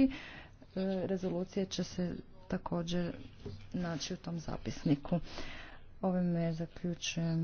i e, Rezolucije će se također naći u tom zapisniku. Ovime zaključujem